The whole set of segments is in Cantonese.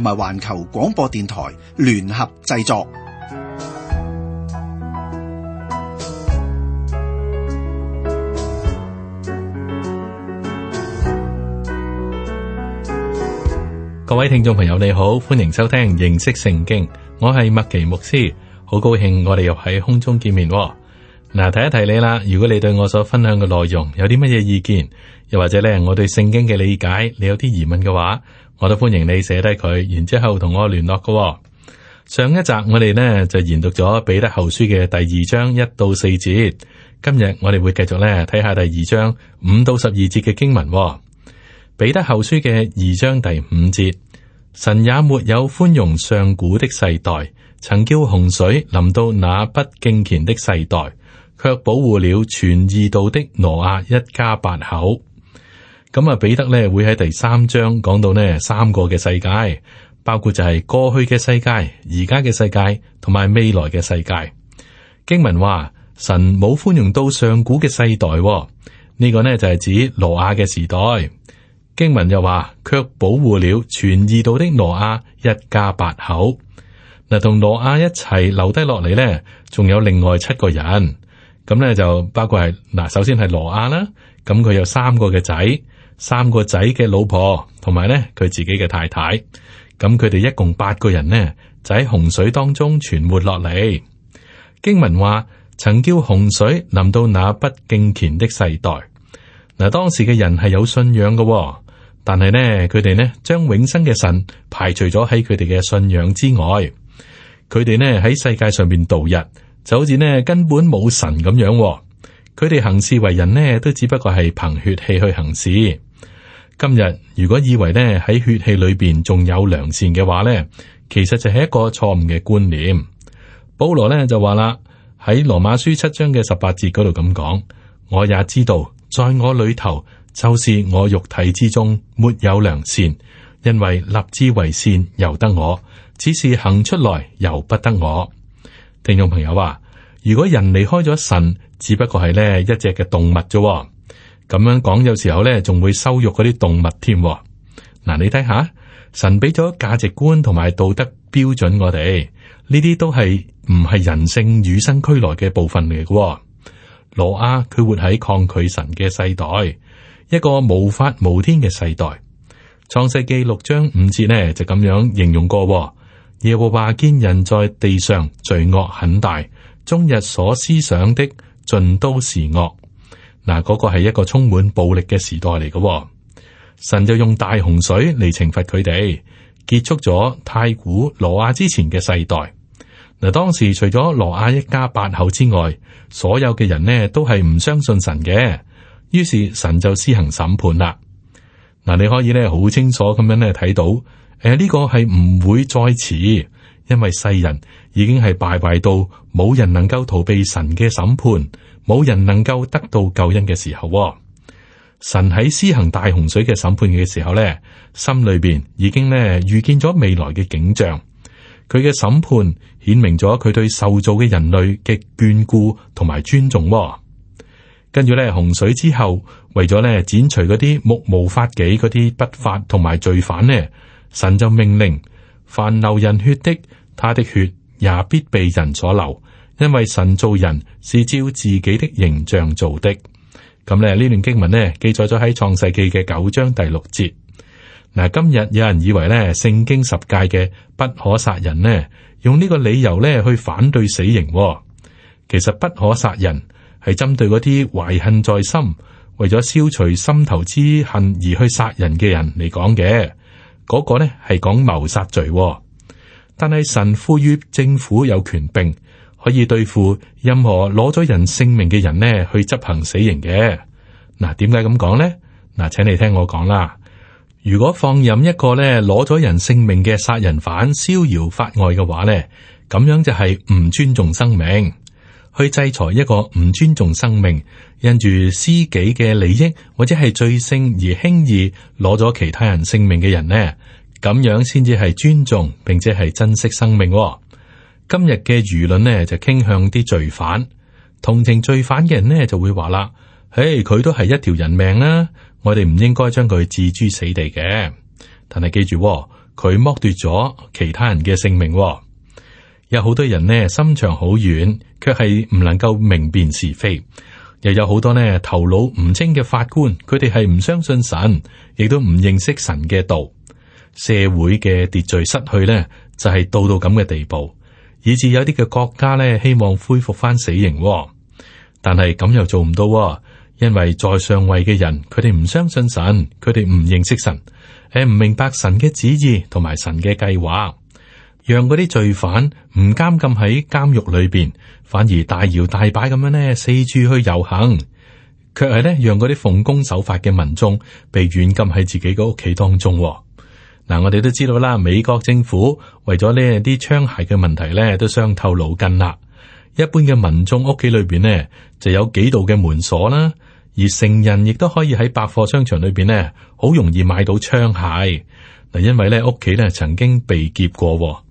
同埋環球廣播電台聯合製作。各位聽眾朋友，你好，歡迎收聽認識聖經，我係麥奇牧師，好高興我哋又喺空中見面。嗱，提一提你啦。如果你對我所分享嘅內容有啲乜嘢意見，又或者咧，我對聖經嘅理解，你有啲疑問嘅話，我都歡迎你寫低佢，然之後同我聯絡喎。噶上一集我哋咧就研讀咗彼得後書嘅第二章一到四節，今日我哋會繼續咧睇下第二章五到十二節嘅經文喎。彼得後書嘅二章第五節，神也沒有寬容上古的世代，曾叫洪水臨到那不敬虔的世代。卻保護了傳義道的挪亞一家八口。咁啊，彼得咧會喺第三章講到呢三個嘅世界，包括就係過去嘅世界、而家嘅世界同埋未來嘅世界。經文話神冇寬容到上古嘅世代，呢個呢就係指挪亞嘅時代。經文又話，卻保護了傳義道的挪亞一家八口。嗱，同挪亞一齊留低落嚟呢，仲有另外七個人。咁咧就包括係嗱，首先係羅亞啦，咁佢有三個嘅仔，三個仔嘅老婆，同埋咧佢自己嘅太太，咁佢哋一共八個人呢，就喺洪水當中存活落嚟。經文話曾叫洪水臨到那不敬虔的世代，嗱，當時嘅人係有信仰嘅，但係呢，佢哋呢將永生嘅神排除咗喺佢哋嘅信仰之外，佢哋呢喺世界上面度日。就好似呢根本冇神咁樣，佢哋行事為人呢都只不過係憑血氣去行事。今日如果以為呢喺血氣裏邊仲有良善嘅話呢，其實就係一個錯誤嘅觀念。保羅呢就話啦喺羅馬書七章嘅十八節嗰度咁講，我也知道在我裏頭，就是我肉體之中沒有良善，因為立志為善由得我，只是行出來由不得我。聽眾朋友話，如果人離開咗神，只不過係咧一隻嘅動物啫。咁樣講，有時候咧仲會羞辱嗰啲動物添。嗱、啊,你睇下，神俾咗價值觀同埋道德標準我，我哋呢啲都係唔係人性與生俱來嘅部分嚟嘅？挪亞佢活喺抗拒神嘅世代，一個無法無天嘅世代。創世記六章五節呢，就咁樣形容過。耶和華見人在地上罪惡很大，終日所思想的盡都是惡，嗱、那、嗰個係一個充滿暴力嘅時代嚟嘅、哦。神就用大洪水嚟懲罰佢哋，結束咗太古羅亞之前嘅世代。嗱，當時除咗羅亞一家八口之外，所有嘅人呢都係唔相信神嘅，於是神就施行審判啦。嗱，你可以呢好清楚咁樣呢睇到。誒，呢、呃這個係唔會再遲，因為世人已經係敗壞到冇人能夠逃避神嘅審判，冇人能夠得到救恩嘅時候、哦。神喺施行大洪水嘅審判嘅時候呢，心裏邊已經咧預見咗未來嘅景象。佢嘅審判顯明咗佢對受造嘅人類嘅眷顧同埋尊重、哦。跟住咧，洪水之後為咗咧剪除嗰啲目無法紀嗰啲不法同埋罪犯呢。神就命令凡流人血的，他的血也必被人所流，因為神造人是照自己的形象做的。咁咧，呢段經文呢，記載咗喺創世記嘅九章第六節。嗱，今日有人以為呢聖經十誡嘅不可殺人呢，用呢個理由呢去反對死刑哦。其實不可殺人係針對嗰啲懷恨在心，為咗消除心頭之恨而去殺人嘅人嚟講嘅。嗰個呢係講謀殺罪，但係神賦予政府有權柄，可以對付任何攞咗人性命嘅人呢去執行死刑嘅。嗱，點解咁講呢？嗱，請你聽我講啦。如果放任一個咧攞咗人性命嘅殺人犯逍遙法外嘅話呢，咁樣就係唔尊重生命。去制裁一個唔尊重生命，因住私己嘅利益或者係罪性而輕易攞咗其他人性命嘅人呢？咁樣先至係尊重，並且係珍惜生命喎。今日嘅輿論呢就傾向啲罪犯，同情罪犯嘅人呢就會話啦，誒，佢都係一條人命啦，啊，我哋唔應該將佢置諸死地嘅。但係記住喎，佢剝奪咗其他人嘅性命喎。有好多人呢心腸好軟，卻係唔能夠明辨是非；又有好多呢頭腦唔清嘅法官，佢哋係唔相信神，亦都唔認識神嘅道。社會嘅秩序失去呢，就係、是、到到咁嘅地步，以至有啲嘅國家呢，希望恢復翻死刑、哦。但係咁又做唔到、哦，因為在上位嘅人，佢哋唔相信神，佢哋唔認識神，係唔明白神嘅旨意同埋神嘅計劃。讓嗰啲罪犯唔監禁喺監獄裏邊，反而大搖大擺咁樣咧四處去遊行，卻係咧讓嗰啲奉公守法嘅民眾被軟禁喺自己個屋企當中。嗱、嗯，我哋都知道啦，美國政府為咗呢啲槍械嘅問題咧，都傷透腦筋啦。一般嘅民眾屋企裏邊呢就有幾度嘅門鎖啦，而成人亦都可以喺百貨商場裏邊呢好容易買到槍械嗱，因為咧屋企咧曾經被劫過。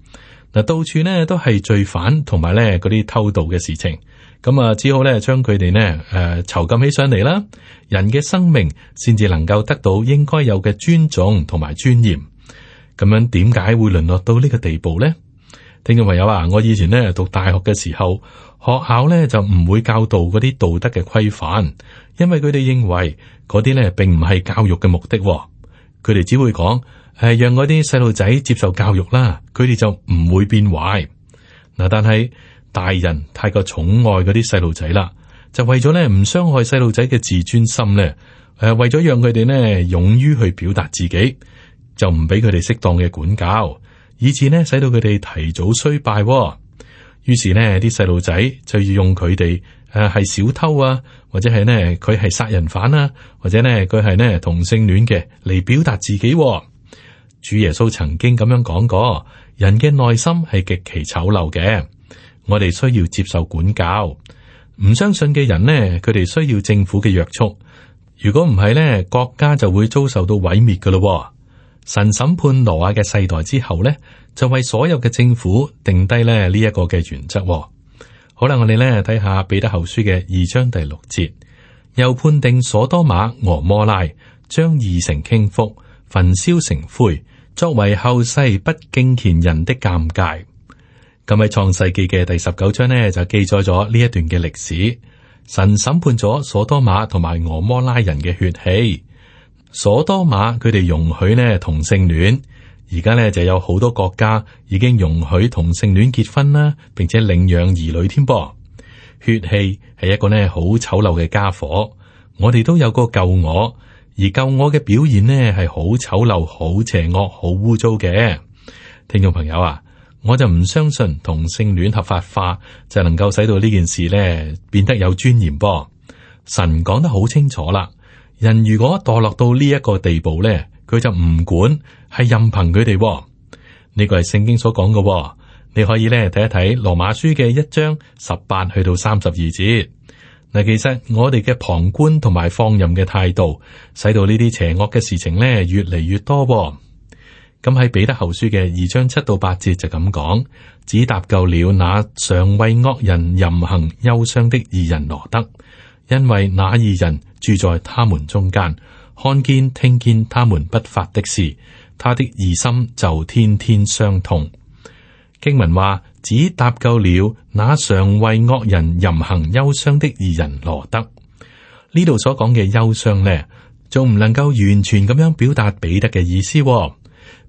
到處呢都係罪犯，同埋咧嗰啲偷渡嘅事情，咁啊，只好咧將佢哋呢誒囚禁起上嚟啦，人嘅生命先至能夠得到應該有嘅尊重同埋尊嚴。咁樣點解會淪落到呢個地步呢？聽眾朋友啊，我以前呢讀大學嘅時候，學校咧就唔會教導嗰啲道德嘅規範，因為佢哋認為嗰啲咧並唔係教育嘅目的，佢哋只會講。係讓嗰啲細路仔接受教育啦，佢哋就唔會變壞嗱。但係大人太過寵愛嗰啲細路仔啦，就為咗咧唔傷害細路仔嘅自尊心咧，誒，為咗讓佢哋呢勇於去表達自己，就唔俾佢哋適當嘅管教，以致呢使到佢哋提早衰敗。於是呢啲細路仔就要用佢哋誒係小偷啊，或者係呢佢係殺人犯啊，或者呢佢係呢同性戀嘅嚟表達自己啊。主耶穌曾經咁樣講過：人嘅內心係極其醜陋嘅。我哋需要接受管教，唔相信嘅人呢，佢哋需要政府嘅約束。如果唔係呢，國家就會遭受到毀滅㗎咯。神審判挪亞嘅世代之後呢，就為所有嘅政府定低呢呢一個嘅原則哦。好啦，我哋呢睇下彼得後書嘅二章第六節，又判定所多瑪俄摩拉將二城傾覆，焚燒成灰，作為後世不敬虔人的尷尬，咁喺創世紀嘅第十九章呢，就記載咗呢一段嘅歷史。神審判咗索多瑪同埋俄摩拉人嘅血氣。索多瑪佢哋容許呢同性戀，而家呢就有好多國家已經容許同性戀結婚啦，並且領養兒女添噃。血氣係一個呢好醜陋嘅家伙，我哋都有個救我。而救我嘅表現呢，係好醜陋、好邪惡、好污糟嘅。聽眾朋友啊，我就唔相信同性戀合法化就能夠使到呢件事呢變得有尊嚴噃。神講得好清楚啦，人如果墮落到呢一個地步呢，佢就唔管，係任憑佢哋。呢個係聖經所講嘅，你可以呢睇一睇羅馬書嘅一章十八去到三十二節。但其實我哋嘅旁觀同埋放任嘅態度，使到呢啲邪惡嘅事情呢越嚟越多，哦。咁喺彼得後書嘅二章七到八節就咁講，只搭救了那常為惡人淫行憂傷的義人羅得，因為那義人住在他們中間，看見聽見他們不法的事，他的義心就天天傷痛。經文話。只搭救了那常為惡人淫行憂傷的義人羅德。呢度所講嘅憂傷呢，仲唔能夠完全咁樣表達彼得嘅意思哦。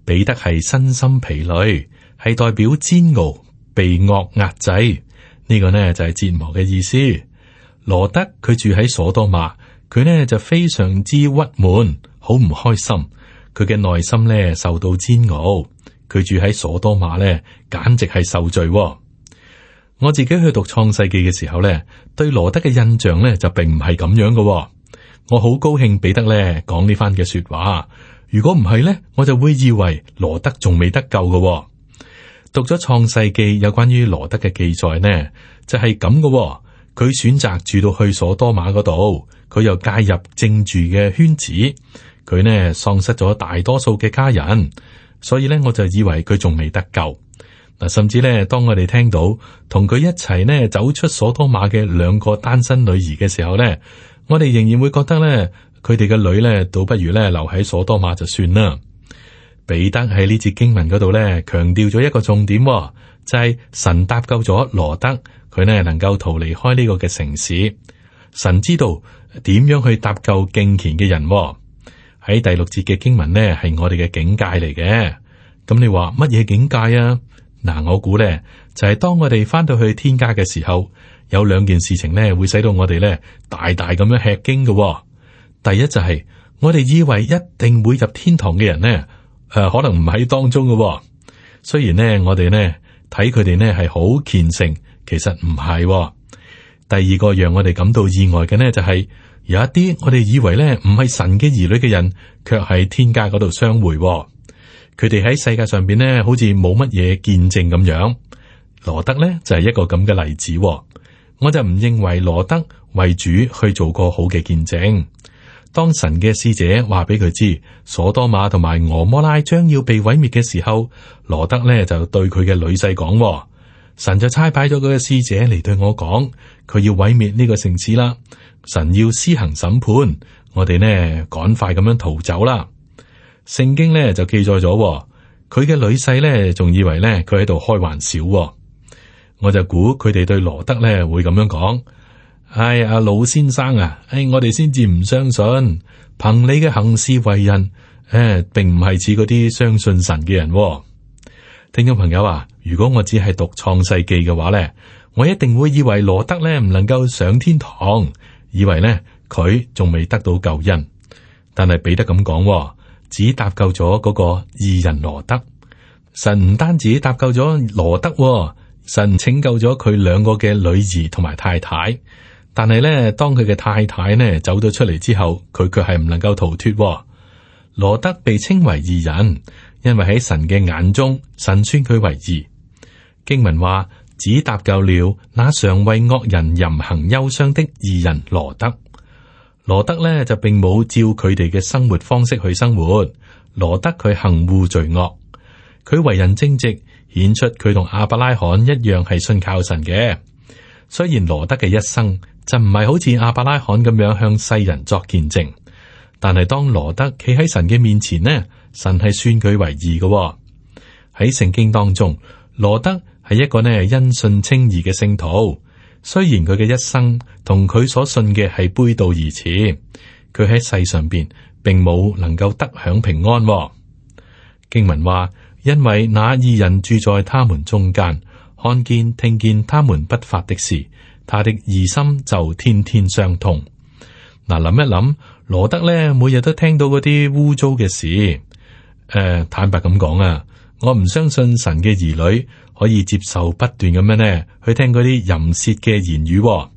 彼得係身心疲累，係代表煎熬被惡壓制。呢、這個呢就係、是、折磨嘅意思。羅德佢住喺所多瑪，佢呢就非常之鬱悶，好唔開心。佢嘅內心呢受到煎熬。佢住喺索多瑪咧，簡直係受罪喎。我自己去讀創世記嘅時候咧，對羅德嘅印象咧就並唔係咁樣嘅喎。我好高興彼得咧講呢番嘅說話。如果唔係咧，我就會以為羅德仲未得救嘅喎。讀咗創世記有關於羅德嘅記載呢，就係咁嘅。佢選擇住到去索多瑪嗰度，佢又介入正住嘅圈子，佢呢喪失咗大多數嘅家人。所以咧，我就以為佢仲未得救嗱，甚至咧，當我哋聽到同佢一齊咧走出索多瑪嘅兩個單身女兒嘅時候咧，我哋仍然會覺得咧，佢哋嘅女咧，倒不如咧留喺索多瑪就算啦。彼得喺呢節經文嗰度咧，強調咗一個重點，就係神搭救咗羅德，佢呢能夠逃離開呢個嘅城市。神知道點樣去搭救敬虔嘅人。喺第六節嘅經文呢，係我哋嘅境界嚟嘅。咁你話乜嘢境界啊？嗱，我估呢就係、是、當我哋返到去天家嘅時候，有兩件事情呢會使到我哋呢大大咁樣吃驚嘅、哦。第一就係、是、我哋以為一定會入天堂嘅人呢，誒、呃，可能唔喺當中嘅、哦。雖然呢，我哋呢睇佢哋呢係好虔誠，其實唔係、哦。第二個讓我哋感到意外嘅呢，就係、是。有一啲我哋以為咧唔係神嘅兒女嘅人，卻喺天界嗰度相會、哦。佢哋喺世界上邊咧，好似冇乜嘢見證咁樣。羅德咧就係一個咁嘅例子、哦。我就唔認為羅德為主去做過好嘅見證。當神嘅使者話俾佢知，所多瑪同埋俄摩拉將要被毀滅嘅時候，羅德咧就對佢嘅女婿講：神就差派咗佢嘅使者嚟對我講，佢要毀滅呢個城市啦。神要施行審判，我哋呢，趕快咁樣逃走啦。聖經呢就記載咗，佢嘅女婿呢，仲以為呢佢喺度開玩笑。我就估佢哋對羅德呢會咁樣講。唉，阿老先生啊，唉，我哋先至唔相信，憑你嘅行事為人，誒，並唔係似嗰啲相信神嘅人。聽眾朋友啊，如果我只係讀創世記嘅話呢，我一定會以為羅德呢唔能夠上天堂。以為呢，佢仲未得到救恩，但係彼得咁講，只搭救咗嗰個義人羅德。神唔單止搭救咗羅德，神拯救咗佢兩個嘅女兒同埋太太。但係呢，當佢嘅太太呢走到出嚟之後，佢卻係唔能夠逃脫。羅德被稱為義人，因為喺神嘅眼中，神算佢為義。經文話。只搭救了那常為惡人淫行憂傷的義人羅德。羅德呢，就並冇照佢哋嘅生活方式去生活。羅德佢恨惡罪惡，佢為人正直，顯出佢同亞伯拉罕一樣係信靠神嘅。雖然羅德嘅一生就唔係好似亞伯拉罕咁樣向世人作見證，但係當羅德企喺神嘅面前呢，神係算佢為義嘅。喺聖經當中，羅德。係一個咧，因信稱義嘅聖徒。雖然佢嘅一生同佢所信嘅係背道而馳，佢喺世上邊並冇能夠得享平安。經文話，因為那義人住在他們中間，看見聽見他們不法的事，他的義心就天天傷痛。嗱，諗一諗，羅得咧，每日都聽到嗰啲污糟嘅事。誒、呃，坦白咁講啊！我唔相信神嘅兒女可以接受不斷咁樣呢去聽嗰啲淫褻嘅言語喎。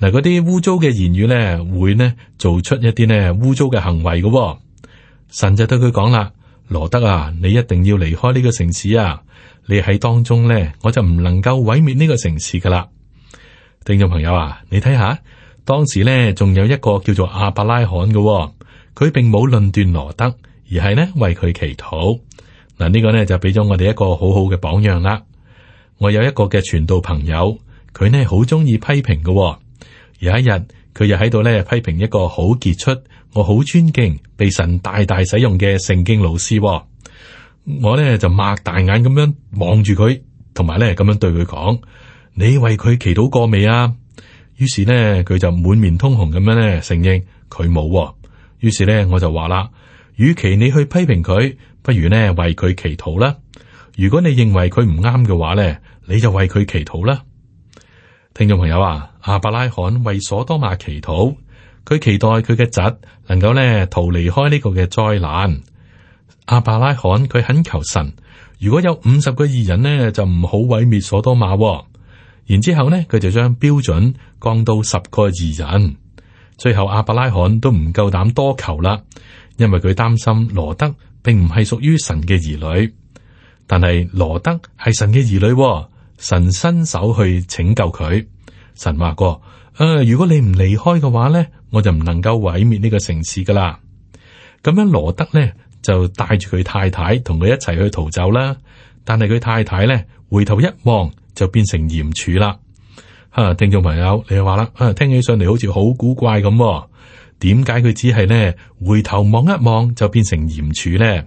嗱，嗰啲污糟嘅言語呢，會呢做出一啲呢污糟嘅行為噶喎。神就對佢講啦：羅德啊，你一定要離開呢個城市啊。你喺當中呢，我就唔能夠毀滅呢個城市噶啦。聽眾朋友啊，你睇下當時呢仲有一個叫做阿伯拉罕嘅喎，佢並冇論斷羅德，而係呢為佢祈禱。嗱呢個咧就俾咗我哋一個好好嘅榜樣啦。我有一個嘅傳道朋友，佢呢好中意批評嘅哦。有一日佢又喺度咧批評一個好傑出、我好尊敬、被神大大使用嘅聖經老師哦。我咧就擘大眼咁樣望住佢，同埋咧咁樣對佢講：你為佢祈禱過未啊？於是呢，佢就滿面通紅咁樣咧承認佢冇哦。於是咧我就話啦：與其你去批評佢。不如呢，為佢祈禱啦。如果你認為佢唔啱嘅話呢，你就為佢祈禱啦。聽眾朋友啊，阿伯拉罕為所多瑪祈禱，佢期待佢嘅侄能夠呢逃離開呢個嘅災難。阿伯拉罕佢懇求神，如果有五十個義人呢，就唔好毀滅所多瑪。然之後呢，佢就將標準降到十個義人。最後阿伯拉罕都唔夠膽多求啦，因為佢擔心羅德。並唔係屬於神嘅兒女，但係羅德係神嘅兒女。哦，神伸手去拯救佢。神話過，誒、呃，如果你唔離開嘅話咧，我就唔能夠毀滅呢個城市噶啦。咁樣羅德咧就帶住佢太太同佢一齊去逃走啦。但係佢太太咧回頭一望就變成鹽柱啦。啊，聽眾朋友，你又話啦，啊，聽起上嚟好似好古怪咁，哦。點解佢只係咧回頭望一望就變成鹽柱咧？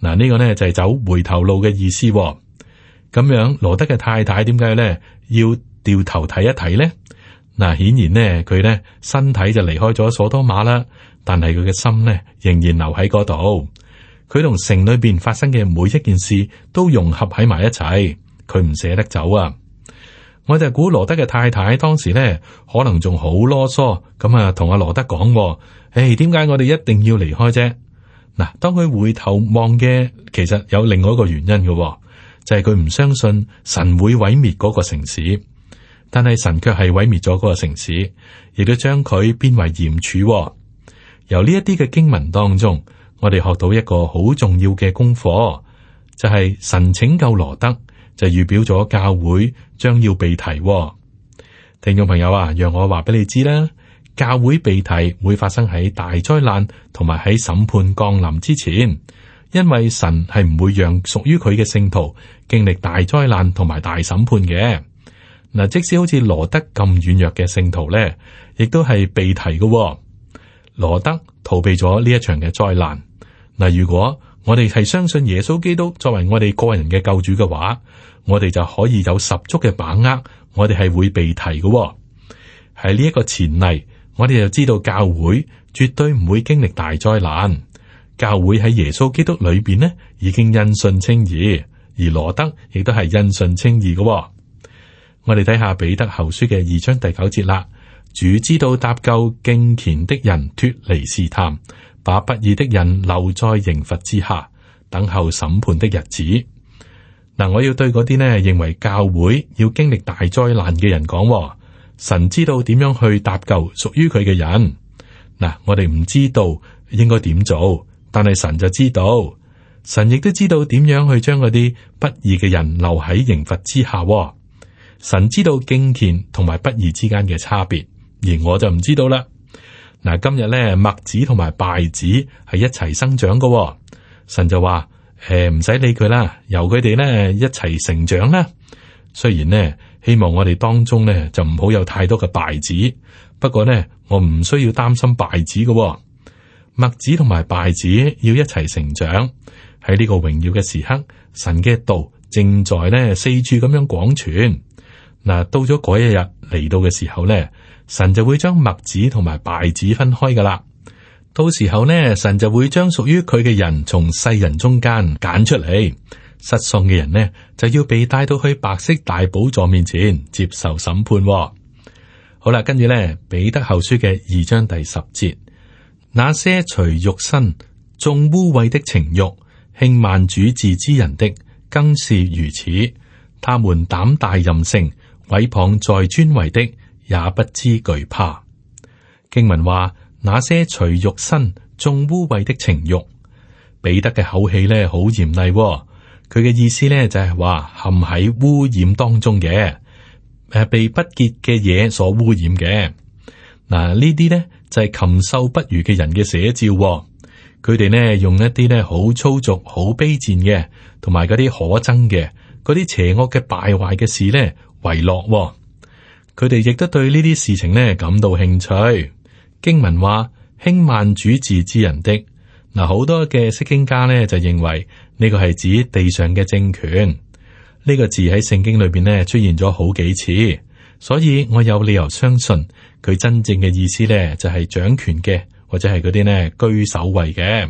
嗱，呢個咧就係走回頭路嘅意思。咁樣羅德嘅太太點解咧要掉頭睇一睇咧？嗱，顯然呢，佢咧身體就離開咗所多瑪啦，但係佢嘅心咧仍然留喺嗰度。佢同城裏邊發生嘅每一件事都融合喺埋一齊，佢唔捨得走啊。我就估羅德嘅太太當時咧，可能仲好囉嗦，咁啊同阿羅德講，誒點解我哋一定要離開啫？嗱，當佢回頭望嘅，其實有另外一個原因嘅、哦，就係佢唔相信神會毀滅嗰個城市，但係神卻係毀滅咗嗰個城市，亦都將佢變為鹽柱、哦。由呢一啲嘅經文當中，我哋學到一個好重要嘅功課，就係、是、神拯救羅德。就預表咗教會將要被提喎，聽眾朋友啊，讓我話俾你知啦，教會被提會發生喺大災難同埋喺審判降臨之前，因為神係唔會讓屬於佢嘅聖徒經歷大災難同埋大審判嘅。嗱，即使好似羅德咁軟弱嘅聖徒咧，亦都係被提嘅喎。羅德逃避咗呢一場嘅災難。嗱，如果我哋係相信耶穌基督作為我哋個人嘅救主嘅話，我哋就可以有十足嘅把握，我哋係會被提嘅、哦。喺呢一個前例，我哋就知道教會絕對唔會經歷大災難。教會喺耶穌基督裏邊呢，已經因信稱義，而羅得亦都係因信稱義嘅、哦。我哋睇下彼得後書嘅二章第九節啦，主知道搭救敬虔的人脫離試探。把不義的人留在刑罰之下，等候審判的日子。嗱、呃，我要對嗰啲呢認為教會要經歷大災難嘅人講、哦，神知道點樣去搭救屬於佢嘅人。嗱、呃，我哋唔知道應該點做，但係神就知道，神亦都知道點樣去將嗰啲不義嘅人留喺刑罰之下、哦。神知道敬虔同埋不義之間嘅差別，而我就唔知道啦。嗱，今日咧麥子同埋稗子係一齊生長噶、哦，神就話：誒、欸，唔使理佢啦，由佢哋咧一齊成長啦。雖然呢，希望我哋當中咧就唔好有太多嘅稗子，不過咧我唔需要擔心稗子噶、哦。麥子同埋稗子要一齊成長，喺呢個榮耀嘅時刻，神嘅道正在咧四處咁樣廣傳。嗱，到咗嗰一日嚟到嘅時候咧。神就會將麥子同埋稗子分開噶啦。到時候呢，神就會將屬於佢嘅人從世人中間揀出嚟，失喪嘅人呢就要被帶到去白色大寶座面前接受審判、哦。好啦，跟住呢，彼得後書嘅二章第十節，那些隨肉身縱污穢的情慾輕慢主治之人的，更是如此。他們膽大任性，毀謗在尊位的。也不知懼怕。經文話那些隨肉身縱污穢的情欲，彼得嘅口氣咧，好嚴厲。佢嘅意思咧，就係話陷喺污染當中嘅，誒被不潔嘅嘢所污染嘅。嗱呢啲咧，就係禽獸不如嘅人嘅寫照。佢哋呢用一啲咧好粗俗、好卑賤嘅，同埋嗰啲可憎嘅、嗰啲邪惡嘅敗壞嘅事咧為樂。佢哋亦都對呢啲事情呢，感到興趣。經文話，輕慢主治之人的，嗱，好多嘅釋經家呢，就認為呢個係指地上嘅政權。呢個字喺聖經裏邊呢，出現咗好幾次，所以我有理由相信佢真正嘅意思呢，就係掌權嘅，或者係嗰啲呢，居首位嘅。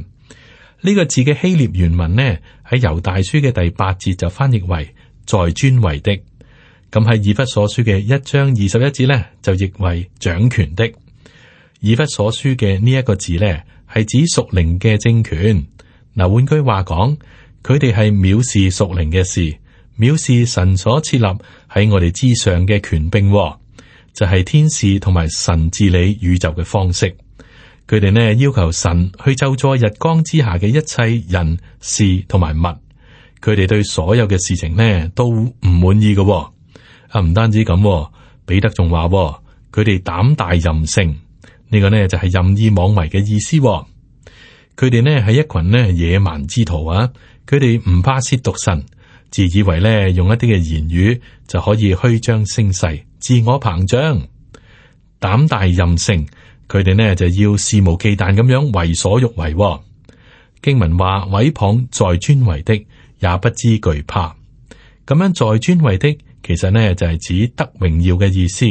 呢個字嘅希臘原文呢，喺猶大書嘅第八節就翻譯為在尊位的。咁喺以弗所書嘅一章二十一字呢，就譯為掌權的。以弗所書嘅呢一個字呢，係指屬靈嘅政權。嗱，換句話講，佢哋係藐視屬靈嘅事，藐視神所設立喺我哋之上嘅權柄，哦，就係、是、天使同埋神治理宇宙嘅方式。佢哋呢，要求神去就助日光之下嘅一切人事同埋物，佢哋對所有嘅事情呢，都唔滿意嘅，哦。啊！唔單止咁，彼得仲話佢哋膽大任性。呢個呢就係任意妄為嘅意思。佢哋呢係一群呢野蠻之徒啊！佢哋唔怕褻瀆神，自以為呢用一啲嘅言語就可以虛張聲勢，自我膨脹，膽大任性。佢哋呢就要肆無忌憚咁樣為所欲為。經文話：毀謗在尊位的，也不知懼怕。咁樣在尊位的。其實呢，就係指德榮耀嘅意思，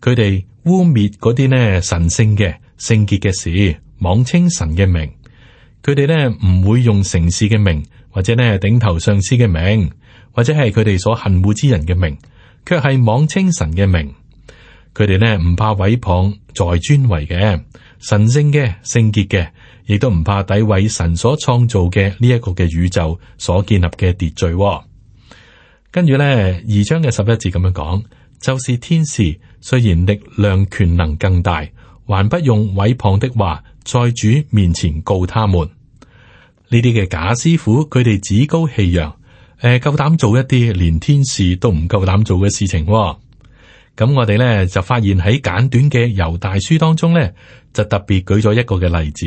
佢哋污衊嗰啲咧神聖嘅聖潔嘅事，妄稱神嘅名。佢哋呢，唔會用城市嘅名，或者呢頂頭上司嘅名，或者係佢哋所恨惡之人嘅名，卻係妄稱神嘅名。佢哋呢，唔怕毀謗，在尊位嘅神聖嘅聖潔嘅，亦都唔怕詆毀神所創造嘅呢一個嘅宇宙所建立嘅秩序。跟住呢，二章嘅十一字咁樣講，就是天使雖然力量、權能更大，還不用毀謗的話，在主面前告他們呢啲嘅假師傅。佢哋趾高氣揚，誒、呃，夠膽做一啲連天使都唔夠膽做嘅事情、哦。咁我哋呢，就發現喺簡短嘅猶大書當中呢，就特別舉咗一個嘅例子，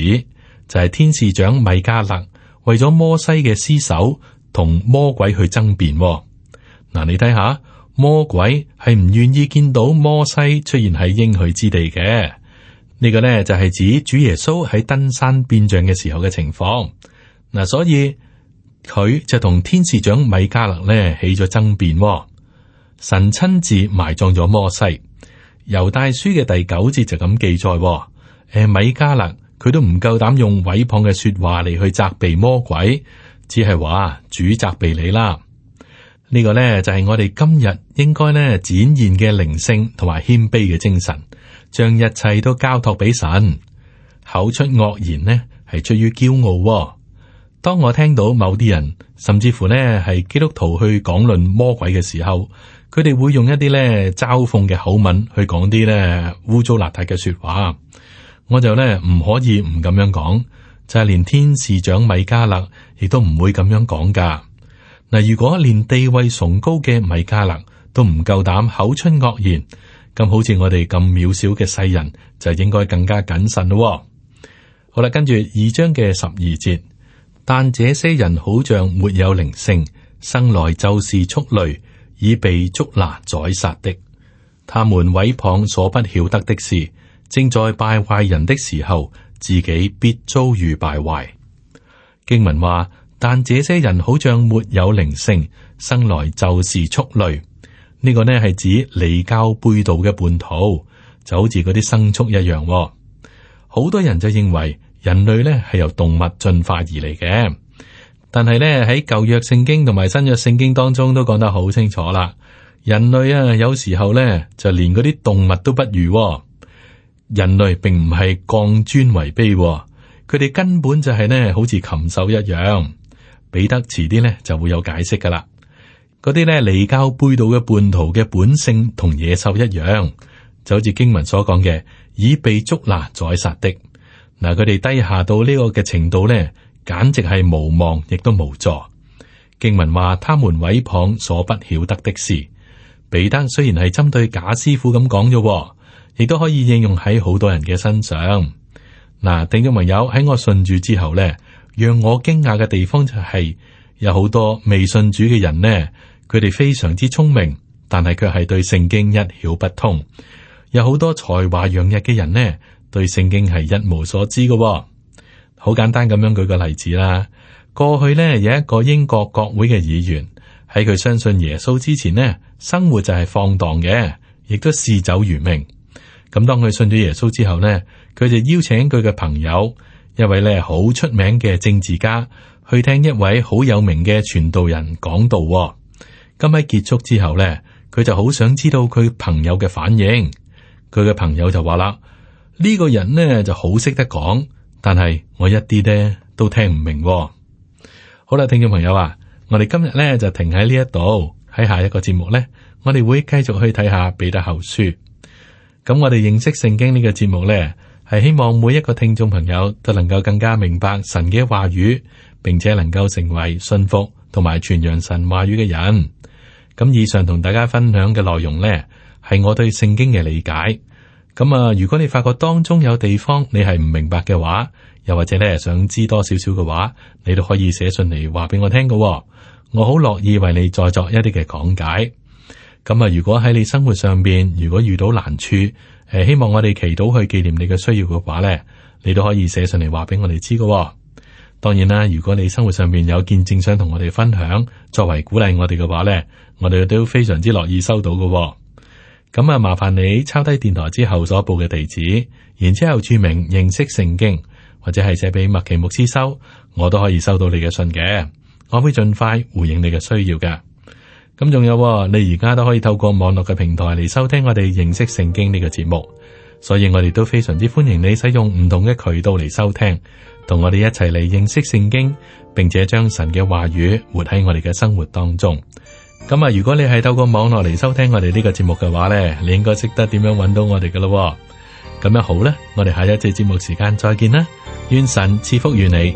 就係、是、天使長米加勒為咗摩西嘅屍首同魔鬼去爭辯、哦。嗱、啊，你睇下，魔鬼係唔願意見到摩西出現喺應許之地嘅。呢、這個呢，就係、是、指主耶穌喺登山變像嘅時候嘅情況。嗱、啊，所以佢就同天使長米迦勒呢起咗爭辯、哦。神親自埋葬咗摩西。猶大書嘅第九節就咁記載、哦：，誒、啊，米迦勒佢都唔夠膽用毀謗嘅說話嚟，去責備魔鬼，只係話主責備你啦。呢個呢，就係、是、我哋今日應該呢展現嘅靈性同埋謙卑嘅精神，將一切都交託俾神。口出惡言呢係出於驕傲、哦。當我聽到某啲人甚至乎呢係基督徒去講論魔鬼嘅時候，佢哋會用一啲呢嘲諷嘅口吻去講啲呢污糟邋遢嘅說話，我就呢唔可以唔咁樣講，就係、是、連天使長米迦勒亦都唔會咁樣講噶。嗱，如果連地位崇高嘅米迦勒都唔夠膽口出惡言，咁好似我哋咁渺小嘅世人，就應該更加謹慎咯。好啦，跟住二章嘅十二節，但這些人好像沒有靈性，生來就是畜類，已被捉拿宰殺的。他們毀謗所不曉得的事，正在敗壞人的時候，自己必遭遇敗壞。經文話。但這些人好像沒有靈性，生來就是畜類。呢、這個呢係指離教背道嘅叛徒，就好似嗰啲牲畜一樣、哦。好多人就認為人類呢係由動物進化而嚟嘅，但係呢喺舊約聖經同埋新約聖經當中都講得好清楚啦。人類啊，有時候呢就連嗰啲動物都不如、哦。人類並唔係降尊為卑、哦，佢哋根本就係呢好似禽獸一樣。彼得遲啲咧就會有解釋噶啦，嗰啲咧離教背道嘅叛徒嘅本性同野獸一樣，就好似經文所講嘅已被捉拿宰殺的。嗱，佢哋低下到呢個嘅程度咧，簡直係無望亦都無助。經文話他們毀謗所不曉得的事，彼得雖然係針對假師傅咁講嘅，亦都可以應用喺好多人嘅身上。嗱，弟兄朋友喺我信住之後咧。讓我驚訝嘅地方就係、是，有好多未信主嘅人呢，佢哋非常之聰明，但係卻係對聖經一竅不通。有好多才華洋溢嘅人呢，對聖經係一無所知嘅，哦。好簡單咁樣舉個例子啦。過去呢有一個英國國會嘅議員，喺佢相信耶穌之前呢，生活就係放蕩嘅，亦都嗜酒如命。咁當佢信咗耶穌之後呢，佢就邀請佢嘅朋友。一位咧好出名嘅政治家去聽一位好有名嘅傳道人講道、哦。今喺結束之後咧，佢就好想知道佢朋友嘅反應。佢嘅朋友就話啦：呢、這個人咧就好識得講，但係我一啲咧都聽唔明、哦。好啦，聽眾朋友啊，我哋今日咧就停喺呢一度。喺下一個節目咧，我哋會繼續去睇下彼得後書。咁我哋認識聖經呢、這個節目咧。係希望每一個聽眾朋友都能夠更加明白神嘅話語，並且能夠成為信服同埋傳揚神話語嘅人。咁以上同大家分享嘅內容呢，係我對聖經嘅理解。咁啊，如果你發覺當中有地方你係唔明白嘅話，又或者咧想知多少少嘅話，你都可以寫信嚟話俾我聽㗎。我好樂意為你再作一啲嘅講解。咁啊，如果喺你生活上邊，如果遇到難處，希望我哋祈禱去紀念你嘅需要嘅話呢，你都可以寫上嚟，話俾我哋知嘅。當然啦，如果你生活上面有見證想同我哋分享，作為鼓勵我哋嘅話呢，我哋都非常之樂意收到嘅喎。咁啊，麻煩你抄低電台之後所報嘅地址，然之後注明認識聖經，或者係寫俾麥奇牧師收，我都可以收到你嘅信嘅。我會盡快回應你嘅需要嘅。咁仲有，你而家都可以透過網絡嘅平台嚟收聽我哋認識聖經呢個節目，所以我哋都非常之歡迎你使用唔同嘅渠道嚟收聽，同我哋一齊嚟認識聖經，並且將神嘅話語活喺我哋嘅生活當中。咁啊，如果你係透過網絡嚟收聽我哋呢個節目嘅話呢，你應該識得點樣搵到我哋噶咯。咁樣好啦，我哋下一節節目時間再見啦，願神賜福與你。